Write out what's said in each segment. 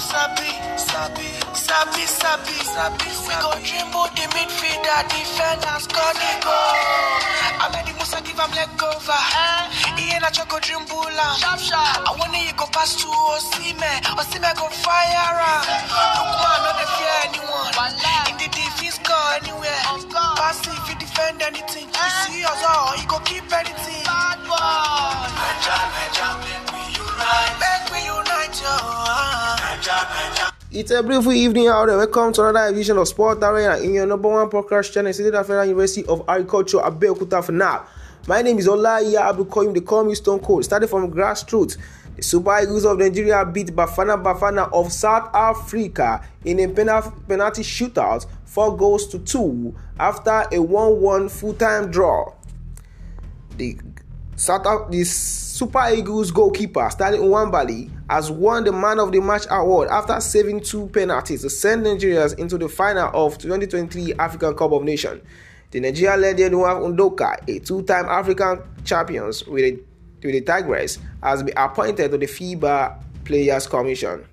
Sabi, Sabi, Sabi, Sabi, Sabi. We go dreambo the midfielder, defenders got the goal. I made the Musa give him leg over. He ain't a choco dreambula. Sharp, sharp. I want you go pass to Osime. Osime go fire up. Look man, not fear anyone. In the defense, go anywhere. Pass if you defend anything. You eh? see us all, you go keep anything. It's a beautiful evening out there. Welcome to another edition of Sport Arena in your number one podcast channel, City Federal University of Agriculture, Abeokuta for now. My name is Olaiya Abukoyim, the call me Stone Cold. Started from grassroots, the Super Eagles of Nigeria beat Bafana Bafana of South Africa in a penalty shootout, four goals to two, after a 1-1 full-time draw. The South Af- the Super Eagles goalkeeper Stanley Nwambali has won the Man of the Match award after saving two penalties to send Nigerians into the final of 2023 African Cup of Nations. The Nigerian led Enuaf Undoka, a two-time African champions with, a, the Tigers, has been appointed to the FIBA Players Commission.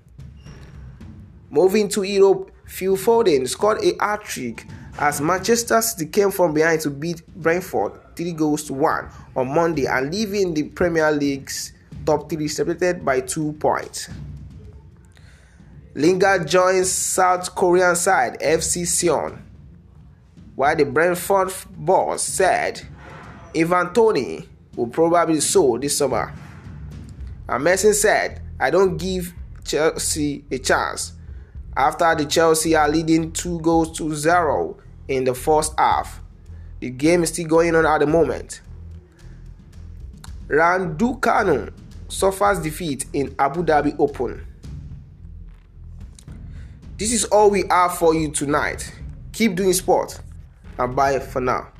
Moving to Europe, Phil Foden scored a hat trick as Manchester City came from behind to beat Brentford three goals to one on Monday and leaving the Premier League's top three separated by two points. Lingard joins South Korean side FC Seon, while the Brentford boss said Ivan Tony will probably sell sold this summer. And Messi said, I don't give Chelsea a chance after the Chelsea are leading two goals to zero in the first half the game is still going on at the moment. Randu Kanu suffers defeat in Abu Dhabi Open. This is all we have for you tonight. Keep doing sport. and bye for now.